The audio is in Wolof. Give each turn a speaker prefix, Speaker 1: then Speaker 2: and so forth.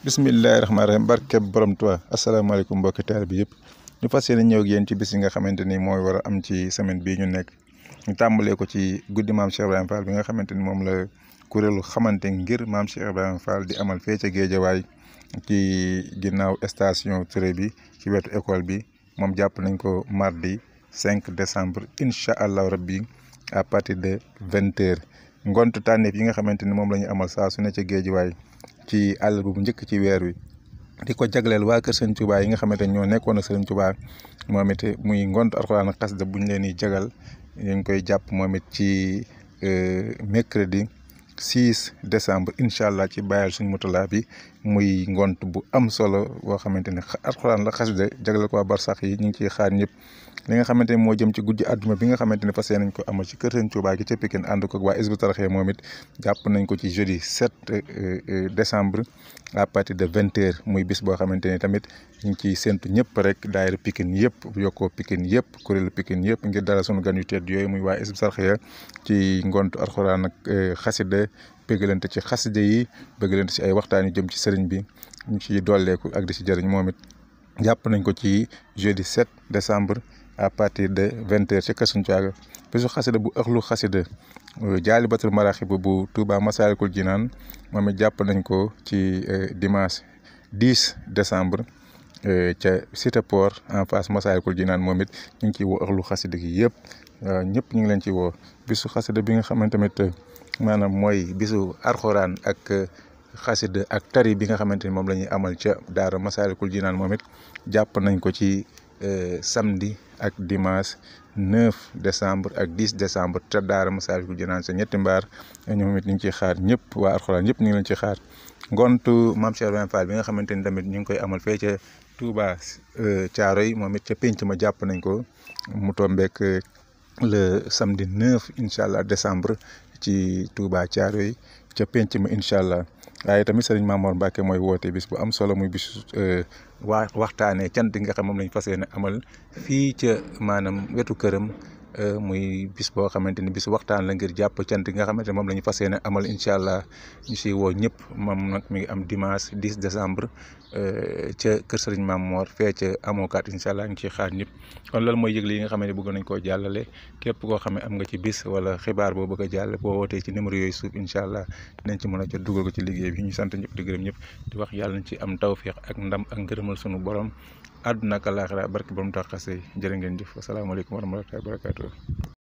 Speaker 1: bisimilahi rahmaani rahim barkeb borom Tuubaa asalaamaaleykum mbokki taal bi yëpp ñu fas yéene ñëw ak yéen ci bis yi nga xamante ni mooy war a am ci semaine bii ñu nekk ñu tàmbalee ko ci guddi maam Cheikh Ibrahima Fall bi nga xamante ni moom la kuréelu xamante ngir maam Cheikh Ibrahima Fall di amal fee ci Géejawaay ci ginnaaw station Touré bi ci wetu école bi moom jàpp nañ ko mardi 5 décembre incha allah rabbi à partir de 20 heures. ngontu tànneef yi nga xamante ni moom la ñu amal saa su ne ca géejiwaay ci àll bu njëkk ci weer wi di ko jagleel waa kër Sëriñ Tuubaa yi nga xamante ni ñoo nekkoon ak Sëriñ Tuubaa moom it muy ngontu alxuraan ak xasida bu ñu leen di jagal ñu koy jàpp moomit ci euh, mercredi 6 décembre incha allah ci bàyyal suñ mutulaa bi muy ngont bu am solo boo xamante ne xolaan la xasida jagleel ko waa barsax yi ñu ngi ciy xaar ñëpp li nga xamante ne moo jëm ci guddi àdduna bi nga xamante ne fas yéene ko amal ci kër seen Tuubaa gi ca Pikine ànd ko waa Hizbut Tarqiyyah moom it jàpp nañ ko ci jeudi 7 euh, euh, décembre à partir de vingt heures muy bis boo xamante ni tamit ñu ngi ciy séntu ñëpp rek daayira Pikine yëpp yokkoo Pikine yëpp kuréelu Pikine yëpp ngir dara sunu gan yu tedd yooyu muy waa Hizbut Tarqiyyah ci ngontu alxuraan ak eh, xasida bëggalante ci xasida yi bëggalante ci ay waxtaan yu jëm ci sëriñ bi ñu ciy dolleeku ak di ci jëriñ moom it jàpp nañ ko ci jeudi 7 décembre à partir de vingt heures ci Kazu Ndiaga bisu xasida bu ëxlu xasida euh, jaalibatul maraxib bu Touba Massalikul Jinaan moom jàpp nañ ko ci euh, dimanche dix décembre euh, ca Cité Port en face Massalikul Jinaan moom it ñu ngi ciy woo ëxlu xasida gi yëpp ñëpp ñu ngi leen ci woo bisu xasida bi nga xam ne tamit maanaam mooy bisu arxuraan ak xasida ak tari bi nga xamante ni moom la ñuy amal ca daara Massalikul Jinaan moom it jàpp nañ ko ci Euh, samedi ak dimanche 9 décembre ak 10 décembre te daara Massalikul Jinaan sa ñetti mbaar ñoom it ñu ngi ciy xaar ñëpp waa alxuraan ñëpp ñu ngi leen ciy xaar ngontu maam Cheikh Ibrahima Fall bi nga xamante ni tamit ñu ngi koy amal fee ca Touba euh, Thiaro yi moom it ca pénc ma jàpp nañ ko mu tombeek euh, le samedi 9 incha allah décembre ci Touba Thiaro yi ca penc ma incha allah waaye tamit sëriñ Mamoor Mbacke mooy woote bis bu am solo muy bis euh, waa waxtaanee cant gi nga xam moom lañ fas yéene amal fii ca maanaam wetu këram Euh, muy bis boo xamante ni bis waxtaan la ngir jàpp cant yi nga xamante ne moom la ñu fas amal incha allah ñu siy woo ñëpp moom nag mi ngi am dimanche 10 décembre euh, ca kër Serigne Mame Mor fee ca amokat incha allah ñu ci xaar ñëpp kon loolu mooy yëgle yi nga xam ne bëgg nañ koo jàllale képp koo xam ne am nga ci bis wala xibaar boo bëgg a jàll boo wootee ci numéro yooyu suuf incha allah dinañ ci mën a jot dugal ko ci liggéey bi ñu sant ñëpp di ñëpp di yàlla nañ ci am tawféex ak ndam ak ngërëmal sunu borom àdduna ak àllaaxira barke ba mu tax xasee jërë ngeen jëf asalaamaaleykum wa rahmatullaahi wa barakaatu